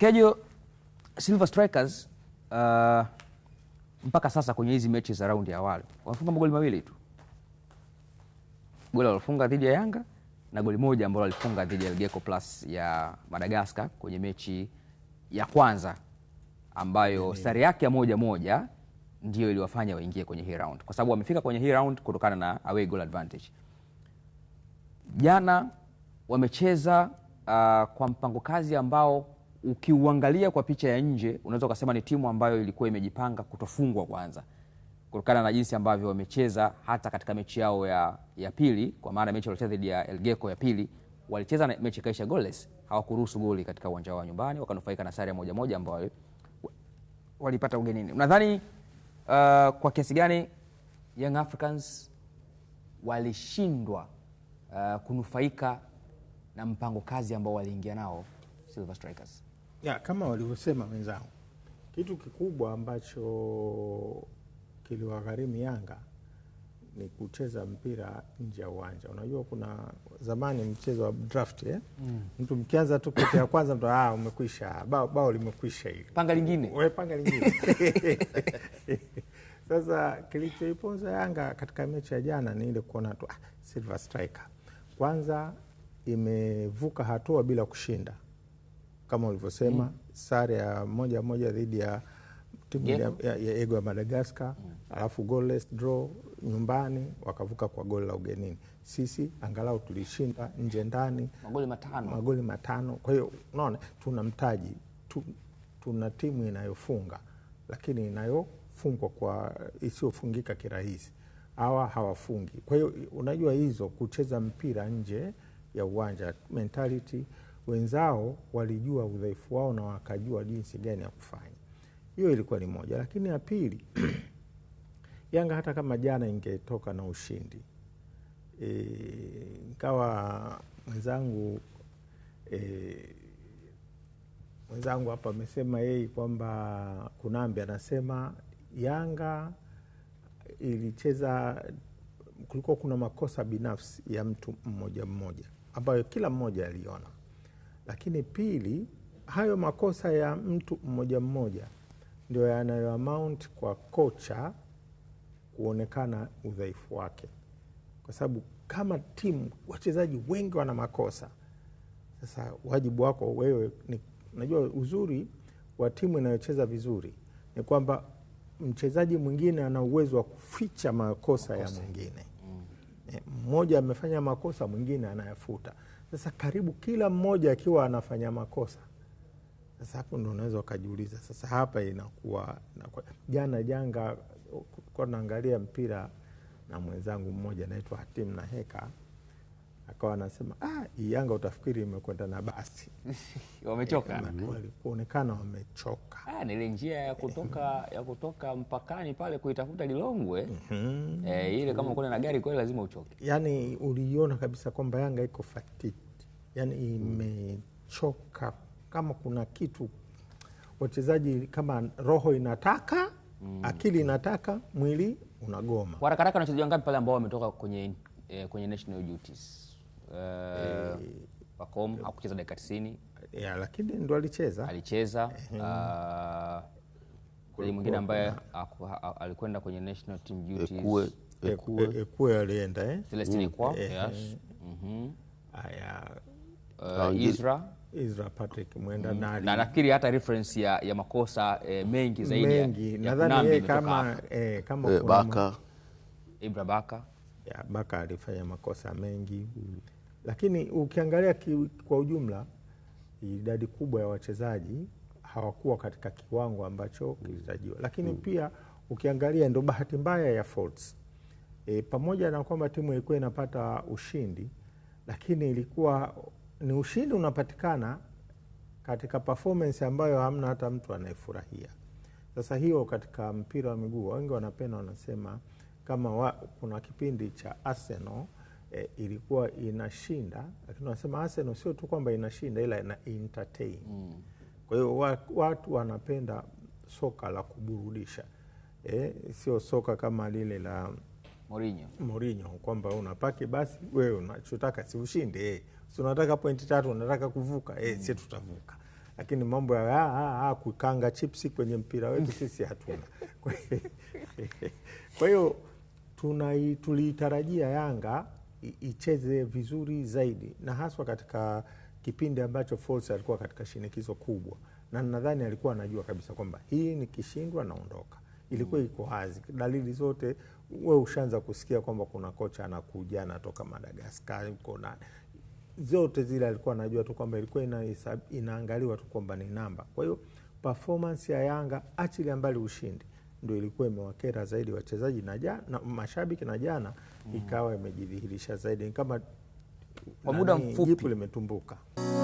Kejo Silver Strikers uh, mpaka sasa kwenye hizi mechi za raundi ya awali wamefunga magoli mawili tu, goli walofunga dhidi ya Yanga na goli moja ambalo walifunga dhidi ya Elgeco Plus ya Madagascar kwenye mechi ya kwanza ambayo sare yake ya moja moja ndiyo iliwafanya waingie kwenye hii round, kwa sababu wamefika kwenye hii round kutokana na away goal advantage. Jana wamecheza uh, kwa mpango kazi ambao ukiuangalia kwa picha ya nje unaweza ukasema ni timu ambayo ilikuwa imejipanga kutofungwa kwanza, kutokana na jinsi ambavyo wamecheza hata katika mechi yao ya, ya pili, kwa maana mechi waliocheza dhidi ya Elgeco ya pili walicheza na mechi kaisha goalless, hawakuruhusu goli katika uwanja wao nyumbani, wakanufaika na sare ya moja moja ambayo walipata ugenini. Unadhani uh, kwa kiasi gani Young Africans walishindwa uh, kunufaika na mpango kazi ambao waliingia nao Silver Strikers? Ya, kama walivyosema wenzangu, kitu kikubwa ambacho kiliwagharimu Yanga ni kucheza mpira nje ya uwanja. Unajua kuna zamani mchezo wa draft eh? Mm. Mtu mkianza tu kote ya kwanza mtu ah, umekwisha bao, bao limekwisha hili, panga lingine wewe panga lingine Sasa kilichoiponza Yanga katika mechi ya jana ni ile kuona tu ah, Silver Striker kwanza imevuka hatua bila kushinda kama ulivyosema mm. sare ya moja moja dhidi ya timu ya, ya, ya Ego ya Madagascar mm. alafu goalless draw nyumbani wakavuka kwa goli la ugenini. Sisi angalau tulishinda nje ndani magoli matano, magoli matano. Kwa hiyo unaona tuna mtaji tu, tuna timu inayofunga lakini inayofungwa kwa isiyofungika kirahisi, hawa hawafungi. Kwa hiyo unajua hizo kucheza mpira nje ya uwanja mentality wenzao walijua udhaifu wao na wakajua jinsi gani ya kufanya. Hiyo ilikuwa ni moja, lakini ya pili Yanga hata kama jana ingetoka na ushindi e, nkawa mwenzangu e, mwenzangu hapa amesema yeye kwamba Kunambi anasema Yanga ilicheza, kulikuwa kuna makosa binafsi ya mtu mmoja mmoja ambayo kila mmoja aliona lakini pili, hayo makosa ya mtu mmoja mmoja ndio yanayo amount kwa kocha kuonekana udhaifu wake, kwa sababu kama timu wachezaji wengi wana makosa. Sasa wajibu wako wewe ni, najua uzuri wa timu inayocheza vizuri ni kwamba mchezaji mwingine ana uwezo wa kuficha makosa, makosa ya mwingine mm. Eh, mmoja mm. Amefanya makosa mwingine anayafuta. Sasa karibu kila mmoja akiwa anafanya makosa, sasa hapo ndo unaweza ukajiuliza sasa hapa inakuwa, Jana janga kuwa naangalia mpira na mwenzangu mmoja anaitwa Hatim na Heka akawa anasema ah, Yanga utafikiri imekwenda na basi wamechoka, eh, walipoonekana wamechoka. Ah, ile njia ya kutoka ya kutoka mpakani pale kuitafuta Lilongwe mm -hmm. E, ile kama kuna na gari kweli lazima uchoke, yani uliona kabisa kwamba Yanga iko fatiti, yani imechoka, kama kuna kitu wachezaji kama roho inataka mm. akili inataka, mwili unagoma. Warakaraka wanachezaji wangapi pale ambao wametoka kwenye, eh, kwenye national duties? Eh, e, Pacom hakucheza dakika 90. Yeah, lakini ndo alicheza. Alicheza. Uh, mwingine ambaye alikwenda kwenye national team duties. Ekue, Ekue. Ekue alienda eh? Celestine mm. Ekue. Eh, yes. Eh. Mhm. Aya. Uh, Isra Isra Patrick Mwenda mm. Nali. Na nafikiri hata reference ya, ya makosa eh, mengi zaidi mengi. Nadhani yeye kama eh, kama eh, Baka Ibra Baka. Ya, Baka alifanya makosa mengi mm. Lakini ukiangalia ki, kwa ujumla idadi kubwa ya wachezaji hawakuwa katika kiwango ambacho mm. kilitarajiwa, lakini mm. pia ukiangalia ndo bahati mbaya ya Folz e, pamoja na kwamba timu ilikuwa inapata ushindi, lakini ilikuwa ni ushindi unapatikana katika performance ambayo hamna hata mtu anayefurahia. Sasa hiyo katika mpira wa miguu wengi wanapenda wanasema kama wa, kuna kipindi cha Arsenal e, ilikuwa inashinda, lakini wanasema Arsenal sio tu kwamba inashinda ila ina entertain mm. Kwa hiyo watu wanapenda soka la kuburudisha e, sio soka kama lile la Mourinho, Mourinho kwamba unapaki basi wewe unachotaka si ushinde e. Si unataka pointi tatu, unataka kuvuka e, mm. si tutavuka lakini mambo ya ah, ah, ah, kukanga chipsi kwenye mpira wetu mm. sisi hatuna. Kwa hiyo tuliitarajia Yanga icheze vizuri zaidi, na haswa katika kipindi ambacho Folz alikuwa katika shinikizo kubwa, na nadhani alikuwa anajua kabisa kwamba hii nikishindwa naondoka. Ilikuwa mm. iko wazi, dalili zote we ushaanza kusikia kwamba kuna kocha anakuja anatoka Madagaskar uko na zote zile alikuwa anajua tu kwamba ilikuwa ina, inaangaliwa tu kwamba ni namba. Kwa hiyo performance ya Yanga achilia mbali ushindi ndio ilikuwa imewakera zaidi wachezaji na jana, na mashabiki na jana mm. ikawa imejidhihirisha zaidi kama kwa muda mfupi limetumbuka.